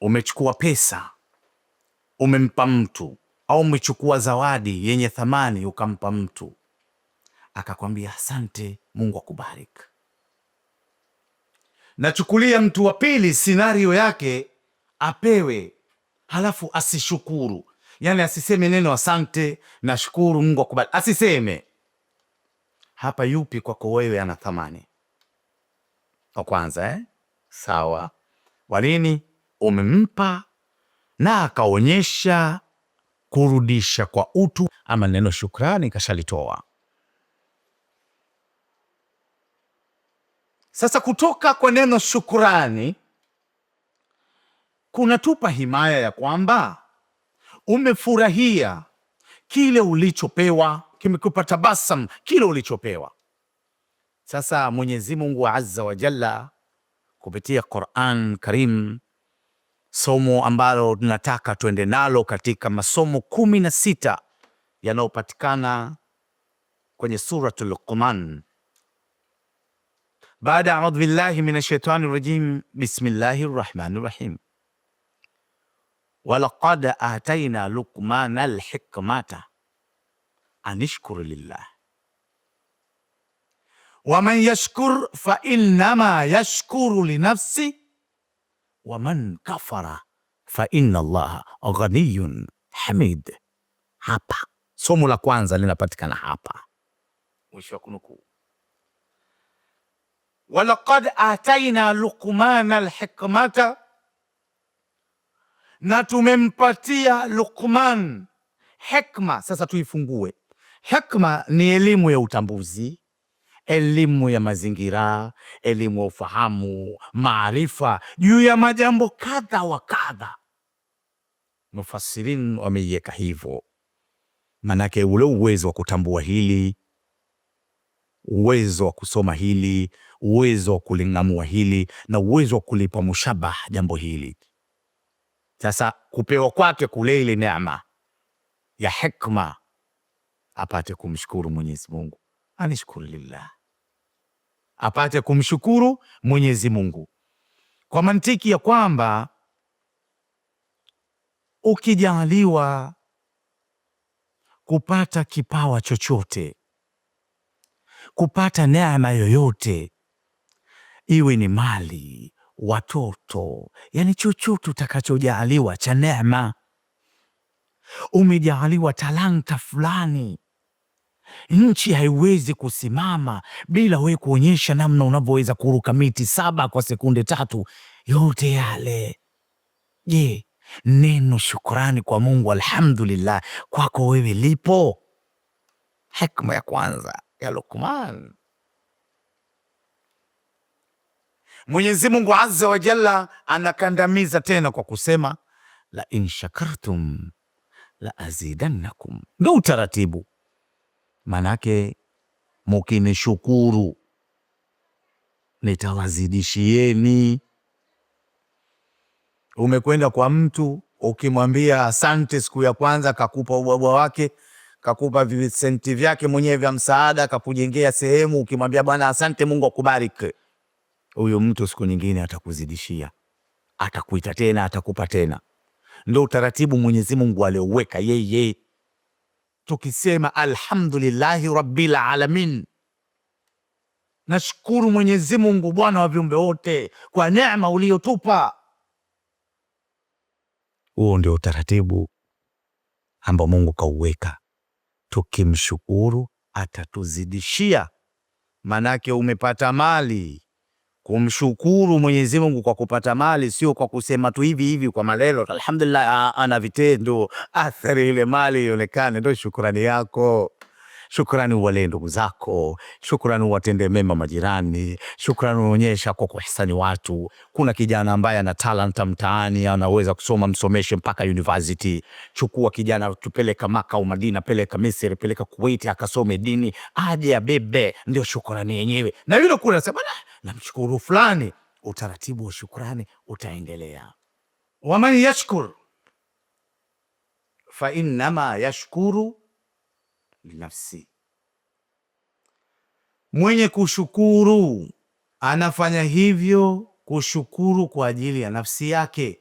Umechukua pesa umempa mtu, au umechukua zawadi yenye thamani ukampa mtu akakwambia asante, Mungu akubariki. Nachukulia mtu wa pili sinario yake apewe, halafu asishukuru, yani asiseme neno asante, nashukuru, Mungu akubariki, asiseme. Hapa yupi kwako wewe ana thamani? Kwa kwanza eh? Sawa, walini umempa na akaonyesha kurudisha kwa utu, ama neno shukrani kashalitoa. Sasa kutoka kwa neno shukrani kunatupa himaya ya kwamba umefurahia kile ulichopewa, kimekupa tabasam kile ulichopewa. Sasa Mwenyezi Mungu Azza wa Jalla kupitia Quran Karim somo ambalo tunataka tuende nalo katika masomo kumi na sita yanayopatikana kwenye Suratu Luqman. Baada audhu billahi min ashaitani rajim, bismillahi rahmani rahim. Walaqad ataina Luqmana alhikmata anishkur lillah waman yashkur fa innama yashkuru linafsi waman kafara fa inna llaha ghaniyun hamid. Hapa somo la kwanza linapatikana hapa, mwisho wa kunukuu. Walaqad ataina Luqmana alhikmata, na tumempatia Luqman hikma. Sasa tuifungue hikma, ni elimu ya utambuzi elimu ya mazingira, elimu ya ufahamu, maarifa juu ya majambo kadha wa kadha. Mufasirin wameiweka hivyo, manake ule uwezo wa kutambua hili, uwezo wa kusoma hili, uwezo wa kuling'amua hili na uwezo wa kulipa mushabaha jambo hili. Sasa kupewa kwake kule ile neema ya hikma apate kumshukuru Mwenyezi Mungu, anishkuru lillah apate kumshukuru Mwenyezi Mungu kwa mantiki ya kwamba ukijaliwa kupata kipawa chochote, kupata neema yoyote, iwe ni mali, watoto, yani chochote utakachojaliwa cha neema, umejaliwa talanta fulani Nchi haiwezi kusimama bila wewe kuonyesha namna unavyoweza kuruka miti saba kwa sekunde tatu. Yote yale, je, neno shukrani kwa Mungu alhamdulillah kwako wewe lipo? Hikma ya kwanza ya lukman Mwenyezi Mungu azza wa jalla anakandamiza tena kwa kusema la in shakartum la azidannakum. ndo utaratibu Manake mukinishukuru nitawazidishieni. Umekwenda kwa mtu ukimwambia asante, siku ya kwanza kakupa ubwabwa wake, kakupa visenti vyake mwenyewe vya msaada, kakujengea sehemu, ukimwambia bwana asante, Mungu akubariki, huyu mtu siku nyingine atakuzidishia, atakuita tena, atakupa tena. Ndo utaratibu Mwenyezi Mungu alioweka yeye tukisema alhamdulillahi rabbil alamin, nashukuru Mwenyezi Mungu Bwana wa viumbe wote kwa neema uliyotupa. Huo ndio utaratibu ambao Mungu kauweka, tukimshukuru atatuzidishia. Manake umepata mali kumshukuru Mwenyezi Mungu kwa kupata mali, sio kwa kusema tu hivi hivi kwa maneno alhamdulillah, ana vitendo, athari ile mali ionekane, ndio shukrani yako. Shukrani uwalee ndugu zako, shukrani uwatende mema majirani, shukrani uonyesha kwa kuhisani watu. Kuna kijana ambaye ana talanta mtaani, anaweza kusoma, msomeshe mpaka university. Chukua kijana, tupeleka Maka au Madina, peleka Misri, peleka Kuwait, akasome dini aje abebe. Ndio shukrani yenyewe, na yule kuna nasema namshukuru fulani. Utaratibu wa shukrani utaendelea. Waman yashkur fa innama yashkuru linafsi. Mwenye kushukuru anafanya hivyo kushukuru kwa ajili ya nafsi yake.